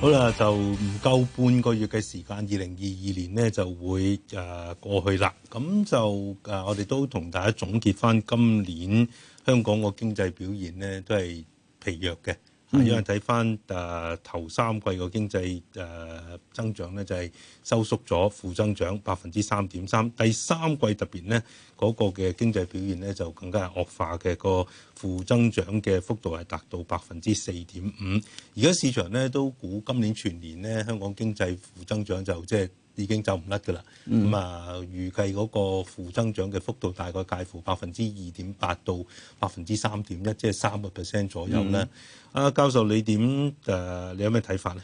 好啦，就唔夠半個月嘅時間，二零二二年呢就會誒、啊、過去啦。咁就誒、啊，我哋都同大家總結返今年香港個經濟表現呢都係疲弱嘅。有人睇翻誒頭三季個經濟誒、啊、增長咧，就係、是、收縮咗負增長百分之三點三。第三季特別咧，嗰、嗰個嘅經濟表現咧，就更加惡化嘅，個負增長嘅幅度係達到百分之四點五。而家市場咧都估今年全年咧，香港經濟負增長就即係。已經走唔甩㗎喇，咁啊預計嗰個負增長嘅幅度大概介乎百分之二點八到百分之三點一，即係三個 percent 左右咧。阿、嗯、教授你點誒？你有咩睇法咧？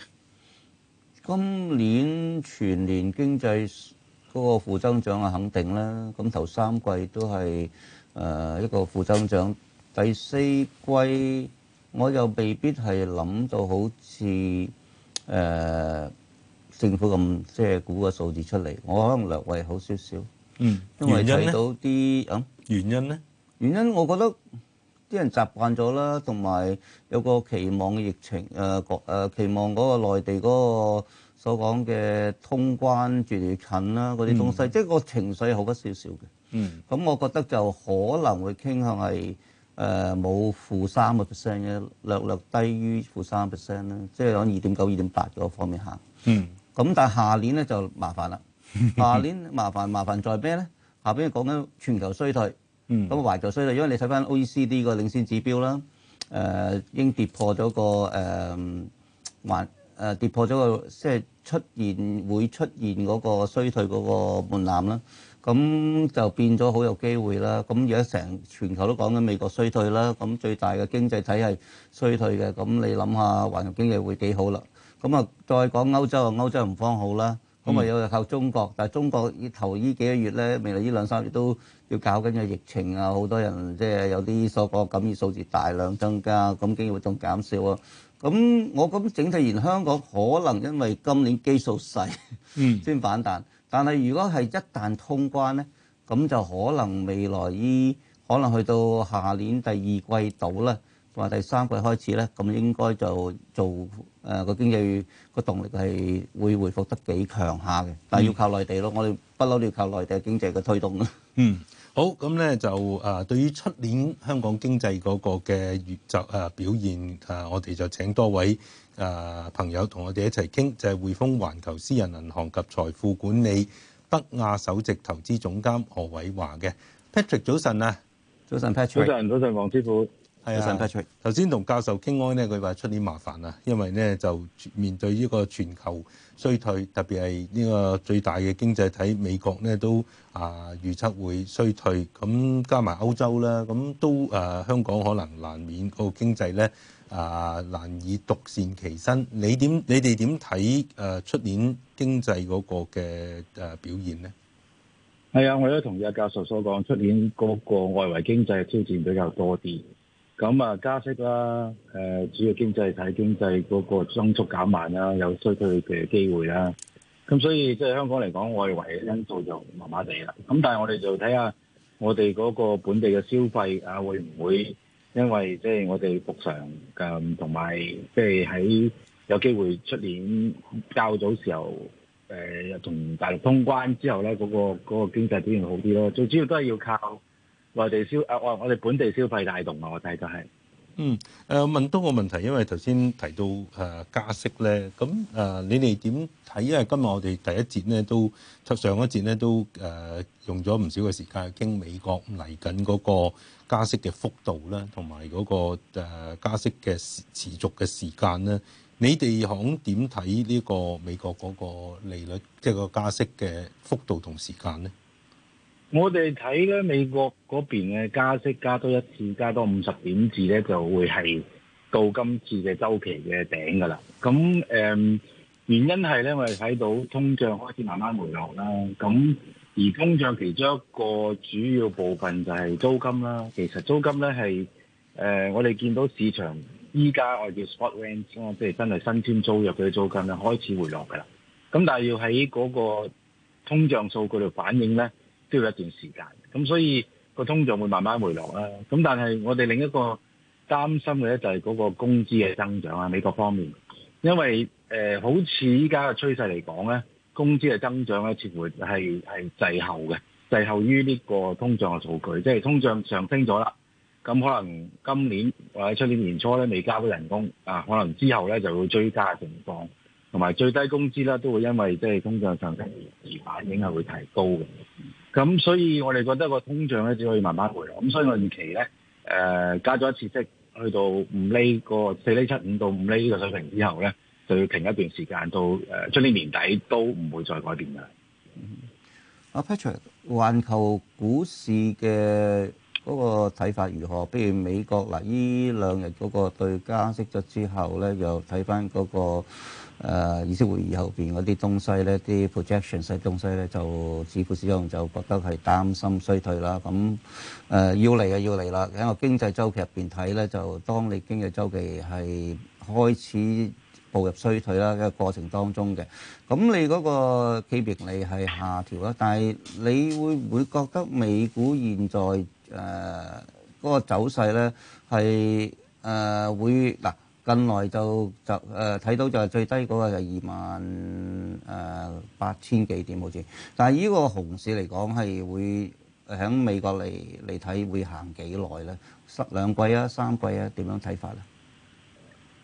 今年全年經濟嗰個負增長啊，肯定啦。咁頭三季都係誒一個負增長，第四季我又未必係諗到好似誒。呃政府咁即係估個數字出嚟，我可能略為、嗯、為好少少。嗯，因為睇到啲咁原因咧，原因我覺得啲人習慣咗啦，同埋有一個期望嘅疫情誒誒、呃呃、期望嗰個內地嗰個所講嘅通關越來越近啦，嗰啲東西，即係、嗯、個情緒好得少少嘅。嗯，咁我覺得就可能會傾向係誒冇負三個 percent 嘅，略略低於負三 percent 啦，即係講二點九、二點八嗰方面行。嗯。咁但係下年咧就麻煩啦，下年麻煩麻煩在咩咧？下邊講緊全球衰退，咁環球衰退，因為你睇翻 OECD 嘅領先指標啦、呃，已經跌破咗個誒環、呃、跌破咗個，即係出現會出現嗰個衰退嗰個門檻啦。咁就變咗好有機會啦。咁而家成全球都講緊美國衰退啦，咁最大嘅經濟體係衰退嘅，咁你諗下環球經濟會幾好啦？咁啊，再講歐洲啊，歐洲唔方好啦。咁啊，有靠中國，嗯、但中國依頭依幾個月咧，未來呢兩三月都要搞緊嘅疫情啊，好多人即係有啲所講感染數字大量增加，咁經濟活動減少啊。咁我咁整體言，而香港可能因為今年基數細，嗯，先反彈。嗯、但係如果係一旦通關咧，咁就可能未來依可能去到下年第二季度咧。話第三季開始咧，咁應該就做誒個、呃、經濟個動力係會回復得幾強下嘅，但係要靠內地咯。嗯、我哋不嬲要靠內地嘅經濟嘅推動咯。嗯，好咁咧就誒，對於出年香港經濟嗰個嘅月就誒表現誒，我哋就請多位誒朋友同我哋一齊傾，就係匯豐環球私人銀行及財富管理北亞首席投資總監何偉華嘅 Patrick，早晨啊，早晨 Patrick，早晨早晨黃師傅。係啊，衰退。頭先同教授傾開咧，佢話出年麻煩啊，因為咧就面對呢個全球衰退，特別係呢個最大嘅經濟體美國咧都啊預測會衰退。咁加埋歐洲啦，咁都啊香港可能難免個經濟咧啊難以獨善其身。你點？你哋點睇？誒出年經濟嗰個嘅誒表現咧？係啊，我都同意阿教授所講，出年嗰個外圍經濟挑戰比較多啲。咁啊，加息啦，誒主要經濟睇經濟嗰個增速減慢啦，有衰退嘅機會啦。咁所以即係香港嚟講，外圍嘅因素就麻麻地啦。咁但係我哋就睇下我哋嗰個本地嘅消費啊，會唔會因為即係我哋復常嘅，同埋即係喺有機會出年較早時候誒同，呃，大陸通關之後咧，嗰個嗰個經濟表現好啲咯。最主要都係要靠。地消啊，我我哋本地消費帶動、就是嗯、啊，我睇就係。嗯，誒問多個問題，因為頭先提到加息咧，咁誒、啊、你哋點睇？因為今日我哋第一節咧都，上上一節咧都誒、啊、用咗唔少嘅時間傾美國嚟緊嗰個加息嘅幅度啦，同埋嗰個加息嘅持續續嘅時間咧。你哋響點睇呢個美國嗰個利率，即、就、係、是、個加息嘅幅度同時間咧？我哋睇咧美國嗰邊嘅加息加多一次，加多五十點字咧，就會係到今次嘅周期嘅頂噶啦。咁誒，嗯，原因係咧，我哋睇到通脹開始慢慢回落啦。咁而通脹其中一個主要部分就係租金啦。其實租金咧係誒，我哋見到市場依家我哋叫 spot rents 啦，即係真係新簽租約嘅租金啊，開始回落噶啦。咁但係要喺嗰個通脹數據度反映咧，都要一段時間，咁所以個通脹會慢慢回落啦。咁但係我哋另一個擔心嘅咧，就係嗰個工資嘅增長啊。美國方面，因為誒、呃、好似依家嘅趨勢嚟講咧，工資嘅增長咧，似乎係係滯後嘅，滯後於呢個通脹嘅數據。即係通脹上升咗啦，咁可能今年或者出年年初咧未加到人工啊，可能之後咧就會追加嘅情況，同埋最低工資咧都會因為即係通脹上升而反映係會提高嘅。咁所以，我哋覺得個通脹咧只可以慢慢回落。咁所以我近期咧，誒、呃、加咗一次息，去到五厘個四厘七五到五厘呢個水平之後咧，就要停一段時間到誒、呃，將啲年底都唔會再改變㗎喇。阿、嗯、Patrick，環球股市嘅嗰個睇法如何？譬如美國嗱，呢兩日嗰個對加息咗之後咧，又睇翻嗰個。誒議息會議後邊嗰啲東西咧，啲 projection 嘅東西咧，就似乎市況就覺得係擔心衰退啦。咁誒要嚟啊，要嚟啦！喺個經濟週期入邊睇咧，就當你經濟週期係開始步入衰退啦嘅過程當中嘅，咁你嗰個企業盈利係下調啦。但係你會唔會覺得美股現在誒嗰個走勢咧係誒會嗱？近來就就呃、睇到就係最低嗰個係二萬誒八千幾點好似，但係呢個熊市嚟講係會喺美國嚟嚟睇會行幾耐咧？十兩季啊，三季啊，點樣睇法咧、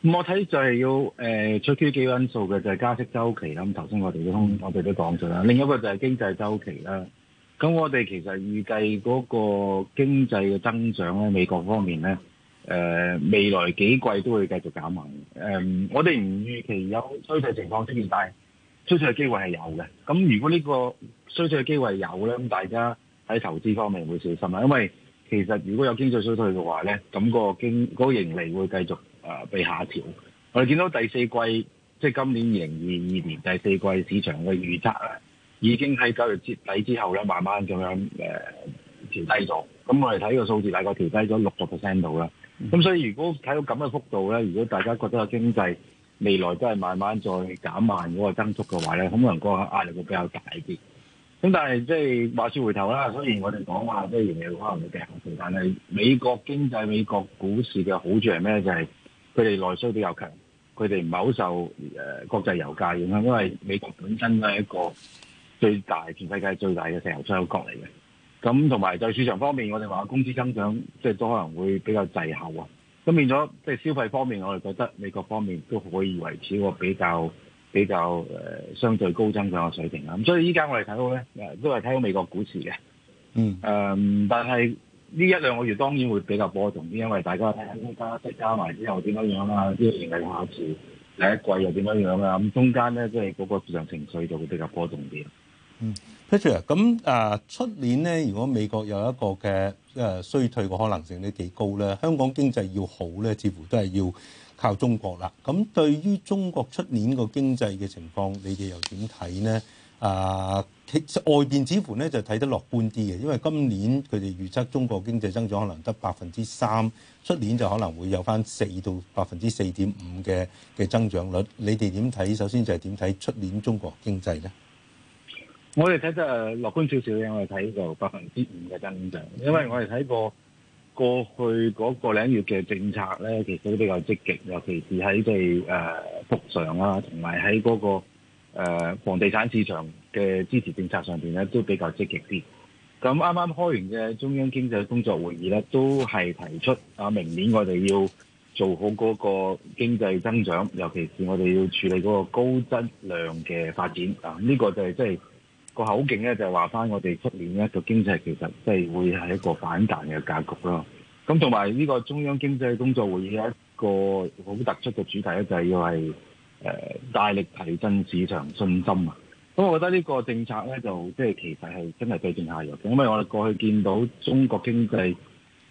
嗯？我睇就係要誒、呃、出於幾因素嘅，就係、是、加息周期啦。咁頭先我哋都通，我哋都講咗啦。另一個就係經濟周期啦。咁我哋其實預計嗰個經濟嘅增長咧，美國方面咧。誒、呃，未來幾季都會繼續減慢。誒、呃，我哋唔預期有衰退情況出現，但係衰退嘅機會係有嘅。咁如果呢個衰退嘅機會係有咧，咁大家喺投資方面會小心啦。因為其實如果有經濟衰退嘅話咧，咁個經嗰個盈利會繼續誒被下調。我哋見到第四季，即係今年二零二二年第四季市場嘅預測啊，已經喺九月節底之後咧，慢慢咁樣誒、呃、調低咗。咁我哋睇個數字大概調低咗六十 percent 度啦。咁所以如果睇到咁嘅幅度咧，如果大家覺得個經濟未來都係慢慢再減慢嗰個增速嘅話咧，咁可能個壓力會比較大啲。咁但係即係話説回頭啦，雖然我哋講話即係仍然有可能會跌落去，但係美國經濟、美國股市嘅好處係咩咧？就係佢哋內需比較強，佢哋唔係好受誒國際油價影響，因為美國本身都係一個最大、全世界最大嘅石油出口國嚟嘅。咁同埋在市場方面，我哋話工資增長即係、就是、都可能會比較滯後啊。咁變咗即係消費方面，我哋覺得美國方面都可以維持一個比較比較、呃、相對高增長嘅水平啦、啊。咁所以依家我哋睇到咧，都係睇到美國股市嘅，嗯，嗯，但係呢一兩個月當然會比較波動啲，因為大家睇緊加即係加埋之後點樣樣啦、啊，個前係考市第一季又點樣樣啊，咁中間咧即係嗰個市場情緒就會比較波動啲。嗯，Peter，咁啊，出年咧，如果美國有一個嘅誒衰退嘅可能性咧幾高咧，香港經濟要好咧，似乎都係要靠中國啦。咁對於中國出年個經濟嘅情況，你哋又點睇呢？啊、呃，其實外邊似乎咧就睇得樂觀啲嘅，因為今年佢哋預測中國經濟增長可能得百分之三，出年就可能會有返四到百分之四點五嘅嘅增長率。你哋點睇？首先就係點睇出年中國經濟呢？我哋睇得誒樂觀少少，我哋睇到百分之五嘅增長，因為我哋睇過過去嗰個兩月嘅政策咧，其實都比較積極，尤其是喺即係誒復常啊，同埋喺嗰個誒、呃、房地產市場嘅支持政策上邊咧，都比較積極啲。咁啱啱開完嘅中央經濟工作會議咧，都係提出啊，明年我哋要做好嗰個經濟增長，尤其是我哋要處理嗰個高質量嘅發展啊，呢、呢個就係即係。個口徑咧就係話翻我哋出年一個經濟其實即係會係一個反彈嘅格局咯。咁同埋呢個中央經濟工作會議一個好突出嘅主題咧就係要係誒大力提振市場信心啊。咁我覺得呢個政策咧就即係其實係真係對症下藥。咁因為我哋過去見到中國經濟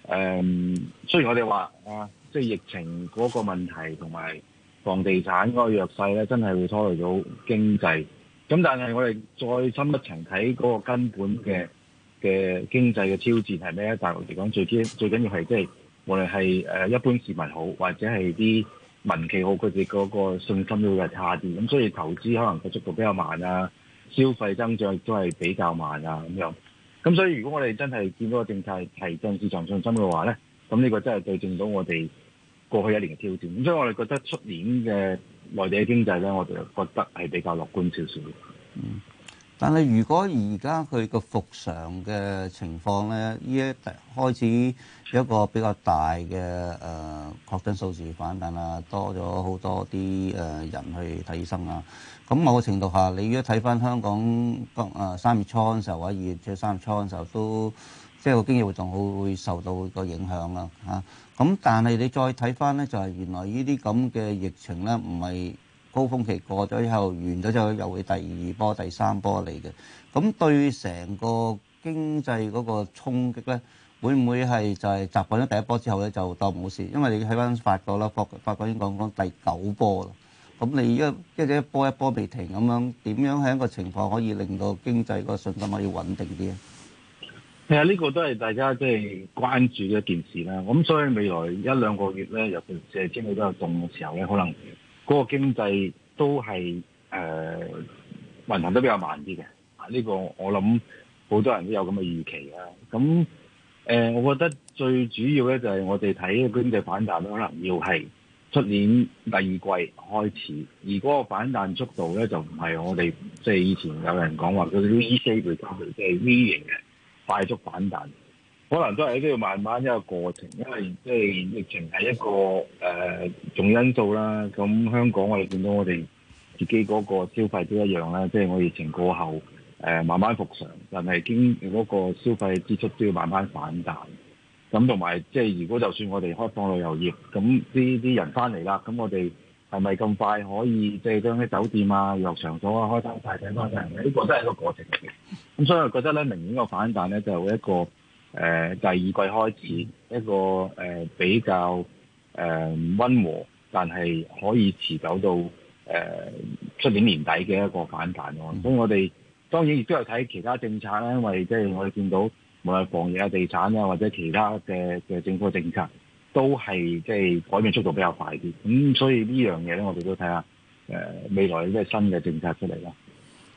誒雖然我哋話啊即係疫情嗰個問題同埋房地產嗰個弱勢咧真係會拖累到經濟。咁但係我哋再深一層睇嗰個根本嘅嘅經濟嘅挑戰係咩？大陸嚟講，最最緊要係即係我哋係誒一般市民好，或者係啲民企好，佢哋嗰個信心都會係差啲。咁所以投資可能個速度比較慢啊，消費增長都係比較慢啊咁樣。咁所以如果我哋真係見到個政策提振市場信心嘅話咧，咁呢個真係對正到我哋過去一年嘅挑戰。咁所以我哋覺得出年嘅。內地嘅經濟呢，我哋覺得係比較樂觀少少，嗯。但係，如果而家佢個復常嘅情況咧，呢一開始一個比較大嘅誒、呃、確診數字反彈啦多咗好多啲誒、呃、人去睇醫生啊，咁某個程度下，你如果睇翻香港三月初嘅時候或者二月、三月初嘅時候，都即係個經濟活動會會受到個影響啦，咁、啊、但係你再睇翻咧，就係、是、原來呢啲咁嘅疫情咧，唔係。高峰期過咗以後完咗之後又會第二波、第三波嚟嘅，咁對成個經濟嗰個衝擊咧，會唔會係就係習慣咗第一波之後咧就當冇事？因為你睇翻法國啦，法法國已經講講第九波啦，咁你一一一波一波未停咁樣，點樣喺一個情況可以令到經濟個信心可以穩定啲啊？係啊，呢個都係大家即係關注嘅一件事啦。咁所以未來一兩個月咧，尤其即係經濟都有動嘅時候咧，可能。嗰個經濟都係誒、呃、運行得比較慢啲嘅，呢、這個我諗好多人都有咁嘅預期啦。咁誒、呃，我覺得最主要咧就係我哋睇經濟反彈，可能要係出年第二季開始，而嗰個反彈速度咧就唔係我哋即係以前有人講話叫做 V shape 嘅，即、就、係、是、V 型嘅快速反彈。可能都係都要慢慢一個過程，因為即係疫情係一個誒、呃、重因素啦。咁香港我哋見到我哋自己嗰個消費都一樣啦。即係我疫情過後誒、呃、慢慢復常，但係經嗰個消費支出都要慢慢反彈。咁同埋即係如果就算我哋開放旅遊業，咁呢啲人翻嚟啦，咁我哋係咪咁快可以即係將啲酒店啊、遊樂場所啊開翻晒整翻晒？呢個都係一個過程嚟嘅。咁所以我覺得咧，明年個反彈咧就一個。誒，第二、呃就是、季開始一個誒、呃、比較誒溫、呃、和，但係可以持久到誒出、呃、年年底嘅一個反彈咯、啊。咁、嗯、我哋當然亦都有睇其他政策啦，因為即係我哋見到無論防疫啊、地產啊，或者其他嘅嘅政府政策，都係即係改變速度比較快啲。咁所以這東西呢樣嘢咧，我哋都睇下誒未來即係新嘅政策出嚟啦。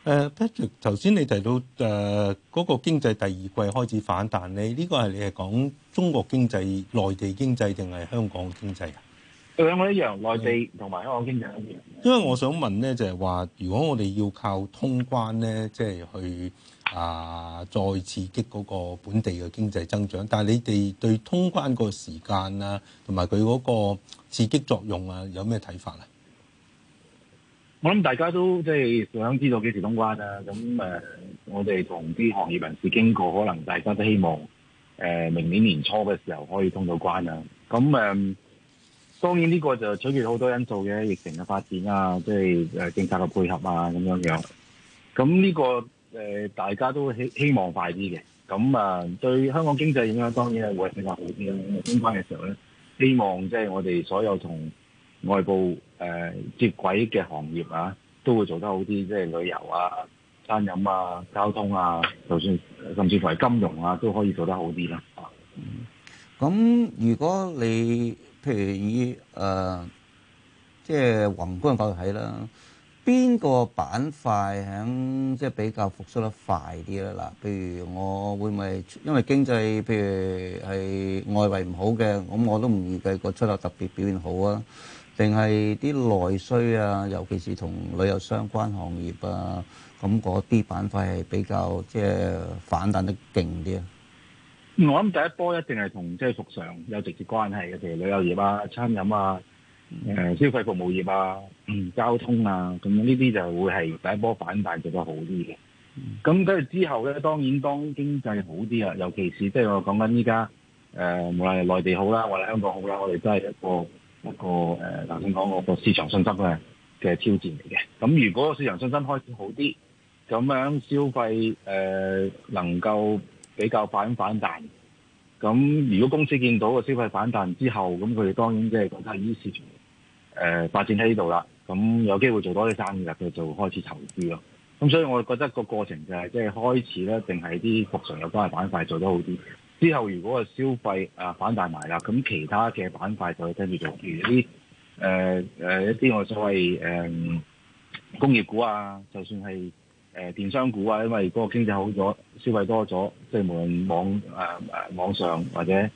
誒，Patrick，頭先你提到誒嗰、呃那個經濟第二季開始反彈，呢這個、你呢個係你係講中國經濟、內地經濟定係香港經濟啊？兩樣一樣，內地同埋香港經濟一樣。因為我想問咧，就係、是、話，如果我哋要靠通關咧，即、就、係、是、去啊、呃，再刺激嗰個本地嘅經濟增長，但係你哋對通關個時間啊，同埋佢嗰個刺激作用啊，有咩睇法咧？我諗大家都即係想知道幾時通關啊。咁誒，我哋同啲行業人士經過，可能大家都希望誒明年年初嘅時候可以通到關啊。咁誒，當然呢個就取決好多因素嘅，疫情嘅發展啊，即係誒政策嘅配合啊，咁樣樣。咁呢個誒大家都希希望快啲嘅。咁啊，對香港經濟影響當然係會比較好啲啦。通關嘅時候咧，希望即係我哋所有同。外部誒、呃、接軌嘅行業啊，都會做得好啲，即係旅遊啊、餐飲啊、交通啊，就算甚至乎係金融啊，都可以做得好啲啦。咁、嗯、如果你譬如以誒即係宏觀嘅角度睇啦，邊個板塊喺即係比較復甦得快啲啦？嗱，譬如我會唔會因為經濟譬如係外圍唔好嘅，咁我都唔預計個出口特別表現好啊。定係啲內需啊，尤其是同旅遊相關行業啊，咁嗰啲板塊係比較即係反彈得勁啲。我諗第一波一定係同即係服上有直接關係嘅，譬如旅遊業啊、餐飲啊、誒、呃、消費服務業啊、嗯、交通啊，咁呢啲就會係第一波反彈做得好啲嘅。咁跟住之後咧，當然當經濟好啲啊，尤其是即係我講緊依家，誒無論係內地好啦，或者香港好啦，我哋都係一個。一個誒，頭先講個市場信心嘅嘅挑戰嚟嘅。咁如果市場信心開始好啲，咁樣消費誒、呃，能夠比較反反彈。咁如果公司見到個消費反彈之後，咁佢哋當然即係覺得市場誒、呃、發展喺呢度啦。咁有機會做多啲生意啦，佢就開始投資咯。咁所以我覺得個過程就係、是、即係開始咧，定係啲庫存有關嘅板塊做得好啲。之後如果個消費啊反彈埋啦，咁其他嘅板塊就會跟住做，譬如啲誒誒一啲我、呃、所謂誒、呃、工業股啊，就算係誒、呃、電商股啊，因為嗰個經濟好咗，消費多咗，即、就、係、是、無論網誒誒、呃、網上或者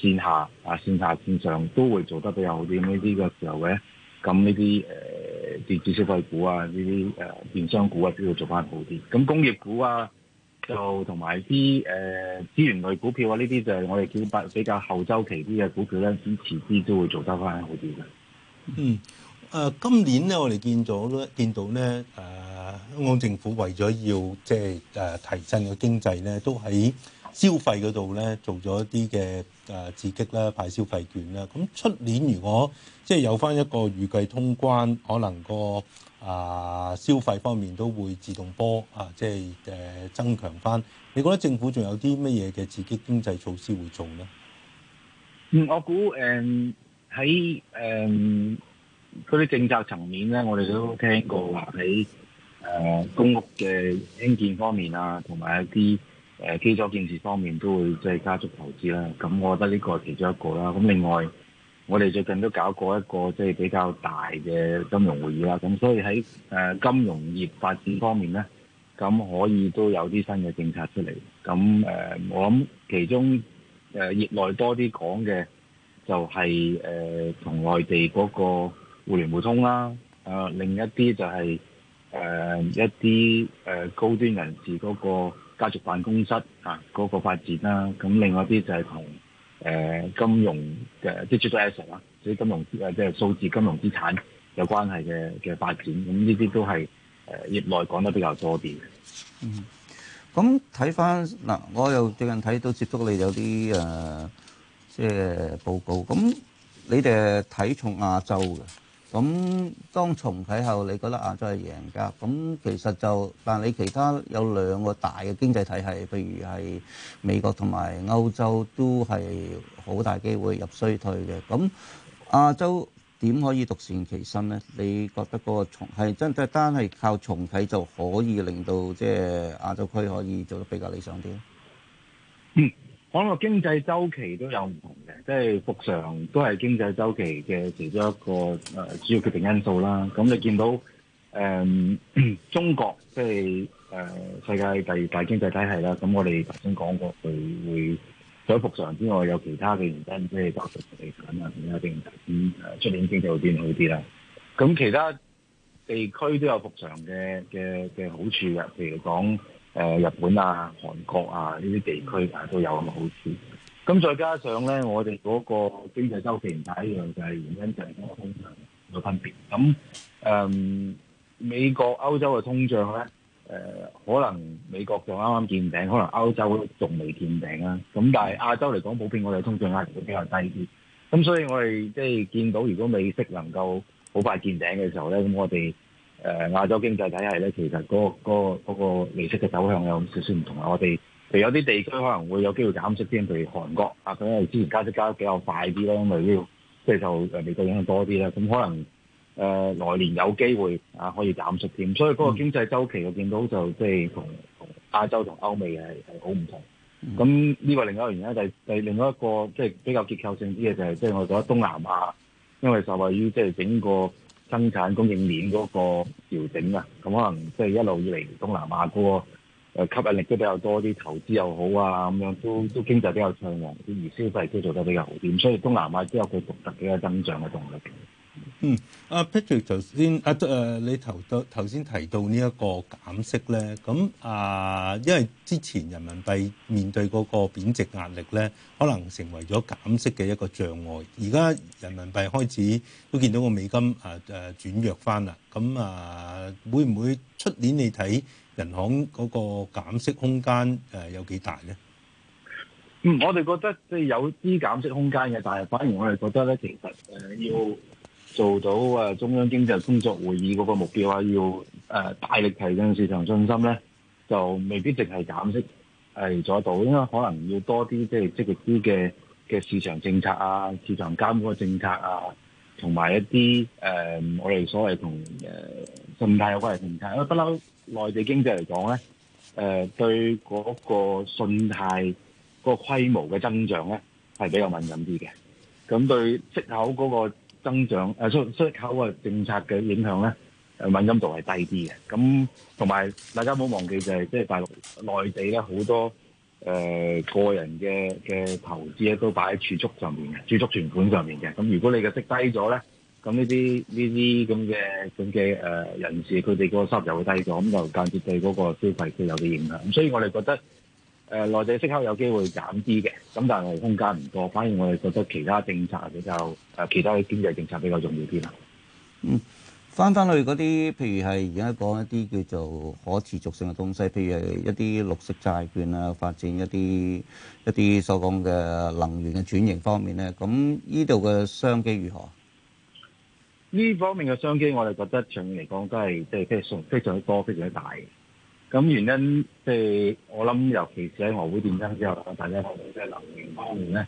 線下啊，線下線上都會做得比較好啲。呢啲嘅時候嘅，咁呢啲誒電子消費股啊，呢啲誒電商股啊都要做翻好啲。咁工業股啊。就同埋啲誒資源類股票啊，呢啲就係我哋叫比比較後周期啲嘅股票咧，支持啲都會做得翻好啲嘅。嗯，誒、呃、今年咧，我哋見咗咧，見到咧，誒、呃、香港政府為咗要即係誒、呃、提振個經濟咧，都喺消費嗰度咧做咗一啲嘅誒刺激啦，派消費券啦。咁出年如果即係有翻一個預計通關，可能個。啊！消費方面都會自動波啊，即係誒增強翻。你覺得政府仲有啲乜嘢嘅刺激經濟措施會做咧？嗯，我估誒喺誒嗰啲政策層面咧，我哋都聽過話喺誒公屋嘅興建方面啊，同埋一啲誒基礎建設方面都會即係加速投資啦。咁我覺得呢個係其中一個啦。咁另外。我哋最近都搞過一個即係比較大嘅金融會議啦，咁所以喺誒金融業發展方面呢，咁可以都有啲新嘅政策出嚟。咁誒，我諗其中誒業內多啲講嘅就係誒同內地嗰個互聯互通啦，誒另一啲就係誒一啲誒高端人士嗰個家族辦公室啊嗰個發展啦。咁另外啲就係同。誒金融嘅即係 asset 啦，金融即係數字金融資產有關係嘅嘅發展，咁呢啲都係誒業內講得比較多啲嘅。嗯，咁睇翻嗱，我又最近睇到接觸你有啲誒即係報告，咁你哋睇重亞洲嘅。咁當重啟後，你覺得亞洲係贏家？咁其實就，但係你其他有兩個大嘅經濟體系，譬如係美國同埋歐洲，都係好大機會入衰退嘅。咁亞洲點可以獨善其身呢？你覺得嗰個重係真係單係靠重啟就可以令到即係亞洲區可以做得比較理想啲？嗯。可能、啊、經濟周期都有唔同嘅，即係復常都係經濟周期嘅其中一個、呃、主要決定因素啦。咁、嗯、你見到、嗯、中國即係、就是呃、世界第二大經濟體系啦，咁、嗯、我哋頭先講過佢會除咗復常之外，有其他嘅原因，即係包括地產啊，或出年經濟會變好啲啦。咁、嗯、其他地區都有復常嘅嘅嘅好處嘅，譬如講，誒日本啊、韓國啊呢啲地區啊都有咁嘅好處，咁再加上咧，我哋嗰個經濟週期唔太一樣，就係原因就係通脹有分別。咁誒美國、歐洲嘅通脹咧，誒可能美國就啱啱見頂，可能歐洲仲未見頂啦。咁但係亞洲嚟講，普遍我哋嘅通脹壓力會比較低啲。咁所以我哋即係見到，如果美息能夠好快見頂嘅時候咧，咁我哋。誒、呃、亞洲經濟體系咧，其實嗰、那個嗰嗰、那個那個、利息嘅走向有少少唔同啊！我哋譬如有啲地區可能會有機會減息添，譬如韓國啊，咁因為之前加息加得比較快啲啦，因為要即係就誒、是、美國影響多啲啦，咁可能誒、呃、來年有機會啊可以減息添，所以嗰個經濟周期我見到就即係同亞洲同歐美係係好唔同。咁呢個另外一個原因就係、是、第、就是、另外一個即係、就是、比較結構性啲嘅、就是，就係即係我覺得東南亞因為受惠於即係、就是、整個。生產供應鏈嗰個調整啊，咁可能即係一路以嚟東南亞嗰個誒吸引力都比較多啲投資又好啊，咁樣都都經濟比較暢旺，而消費都做得比較好啲，所以東南亞都有佢獨特嘅增長嘅動力。嗯。阿 Patrick，頭先阿誒你頭到頭先提到呢一個減息咧，咁啊，因為之前人民幣面對嗰個貶值壓力咧，可能成為咗減息嘅一個障礙。而家人民幣開始都見到個美金誒誒轉弱返啦，咁啊，會唔會出年你睇銀行嗰個減息空間誒有幾大咧？嗯，我哋覺得即係有啲減息空間嘅，但係反而我哋覺得咧，其實誒要。做到啊！中央經濟工作會議嗰個目標啊，要誒大力提振市場信心咧，就未必淨係減息係做到，因為可能要多啲即係積極啲嘅嘅市場政策啊、市場監管嘅政策啊，同埋一啲誒、呃、我哋所謂同誒信貸有關嘅政策，因為不嬲內地經濟嚟講咧，誒、呃、對嗰個信貸嗰個規模嘅增長咧係比較敏感啲嘅，咁對息口嗰、嗰個。增長誒，所所以靠個政策嘅影響咧，誒敏感度係低啲嘅。咁同埋大家唔好忘記就係即係大陸內地咧，好多誒、呃、個人嘅嘅投資咧都擺喺儲蓄上面嘅，儲蓄存款上面嘅。咁如果你嘅息低咗咧，咁呢啲呢啲咁嘅咁嘅誒人士，佢哋個收入又會低咗，咁就間接對嗰個消費都有啲影響。所以我哋覺得。誒內地息口有機會減啲嘅，咁但係我哋空間唔多，反而我哋覺得其他政策比較誒，其他嘅經濟政策比較重要啲啦。嗯，翻翻去嗰啲，譬如係而家講一啲叫做可持續性嘅東西，譬如係一啲綠色債券啊，發展一啲一啲所講嘅能源嘅轉型方面咧，咁呢度嘅商機如何？呢方面嘅商機，我哋覺得長遠嚟講都係即係非常非常之多、非常之大。咁原因即係我諗，尤其是喺俄烏戰爭之後大家方面即係能源方面咧，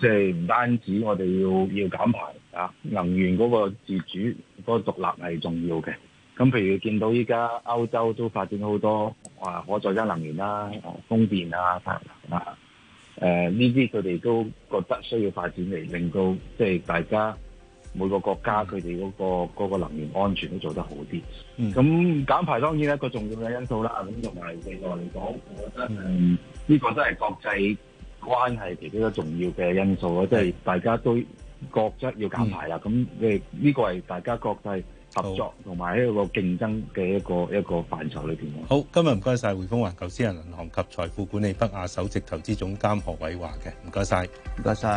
即係唔單止我哋要要減排啊，能源嗰個自主、嗰個獨立係重要嘅。咁譬如見到依家歐洲都發展好多啊可再生能源啦、啊啊、風電啊、太陽能啊，呢啲佢哋都覺得需要發展嚟令到即係大家。每個國家佢哋嗰個嗰個能源安全都做得好啲，咁減排當然一個重要嘅因素啦。咁同埋未來嚟講，我覺得呢個都係國際關係其中一個重要嘅因素咯。即係大家都覺得要減排啦，咁即係呢個係大家國際合作同埋一個競爭嘅一個一個範疇裏邊。好，今日唔該曬匯豐環球私人銀行及財富管理北亞首席投資總監何偉華嘅，唔該曬，唔該曬。